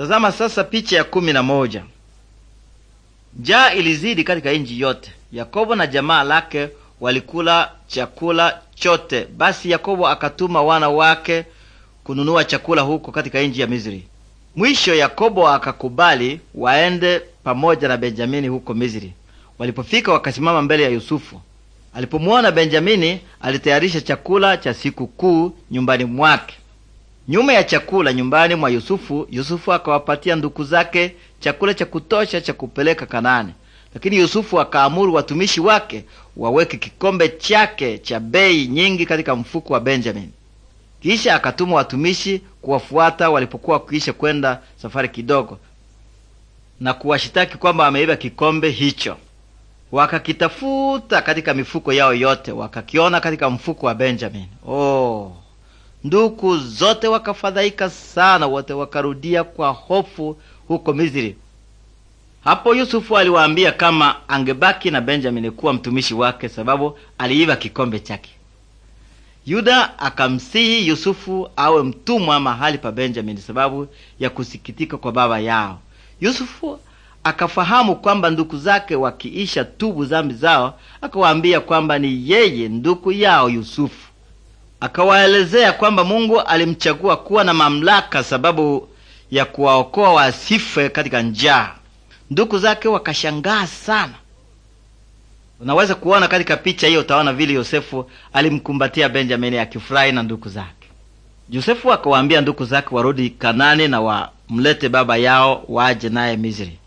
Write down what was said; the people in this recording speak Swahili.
Tazama sasa picha ya kumi na moja. Njaa ilizidi katika nchi yote. Yakobo na jamaa lake walikula chakula chote. Basi Yakobo akatuma wana wake kununua chakula huko katika nchi ya Misri. Mwisho Yakobo akakubali waende pamoja na Benjamini huko Misri. Walipofika wakasimama mbele ya Yusufu. Alipomwona Benjamini, alitayarisha chakula cha siku kuu nyumbani mwake. Nyuma ya chakula nyumbani mwa Yusufu, Yusufu akawapatia nduku zake chakula cha kutosha cha kupeleka Kanaani. Lakini Yusufu akaamuru watumishi wake waweke kikombe chake cha bei nyingi katika mfuko wa Benjamini. Kisha akatuma watumishi kuwafuata walipokuwa wakiisha kwenda safari kidogo, na kuwashitaki kwamba wameiba kikombe hicho. Wakakitafuta katika mifuko yao yote, wakakiona katika mfuko wa Benjamini. Oh, Nduku zote wakafadhaika sana, wote wakarudia kwa hofu huko Misri. Hapo Yusufu aliwaambia kama angebaki na Benjamini kuwa mtumishi wake, sababu aliiva kikombe chake. Yuda akamsihi Yusufu awe mtumwa mahali pa Benjamini sababu ya kusikitika kwa baba yao. Yusufu akafahamu kwamba nduku zake wakiisha tubu zambi zao, akawaambia kwamba ni yeye nduku yao Yusufu akawaelezea kwamba Mungu alimchagua kuwa na mamlaka sababu ya kuwaokoa wasife katika njaa. Ndugu zake wakashangaa sana. Unaweza kuona katika picha hiyo, utaona vile Yosefu alimkumbatia Benjamini akifurahi na ndugu zake. Yosefu akawaambia ndugu zake warudi Kanani na wamlete baba yao waje naye Misri.